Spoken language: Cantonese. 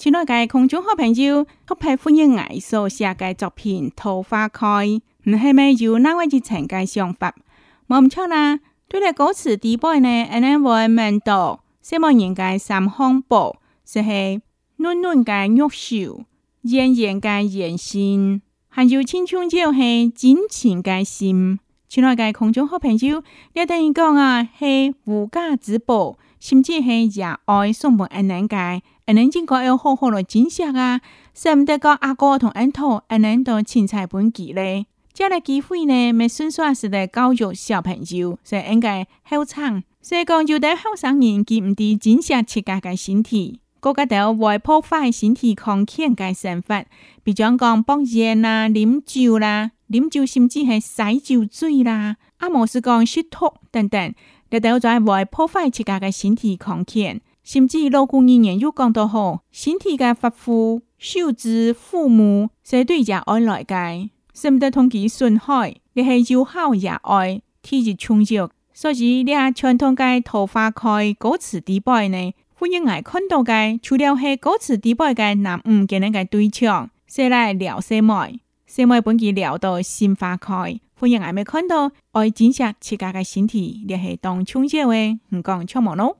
親愛嘅空中好朋友，好歡迎你藝術世界作品《桃花開》，唔係咩有哪位之前嘅想法？冇唔錯啦，對待歌詞底背呢，阿儂話明道，希望人家三項寶，即是嫩嫩嘅玉手，彎彎嘅圓身，還有青春即係真情嘅心。親愛嘅空中好朋友，要等於講啊，係無價之寶，甚至係爺哀送分阿儂嘅。阿人真個要好好來珍惜啊，捨不得個阿哥同阿兔，阿人都青菜不記嘞。將來機會呢，咪順續是來教育小朋友，是應該好撐。所以講，要得好生年，記唔得珍惜自家嘅身體，國家都要破壞身體康健嘅生活，比如講吸煙啦、飲酒啦、飲酒甚至係使酒醉啦，阿、啊、冇是講吸毒等等，你都要在外破壞自家嘅身體康健。甚至老古人又講得好，身體的髮膚，受之父母，相對也愛來嘅，捨不得通佮損害。你係又好也愛，體質充足。所以你傳統嘅桃花開，歌詞底背呢，歡迎來看到嘅，除了係歌詞底背嘅，難唔簡單嘅對象，先來聊細妹，細妹本期聊到心花開，歡迎來看到，愛珍惜自家嘅身體，你係當充足誒，唔講吃無咯。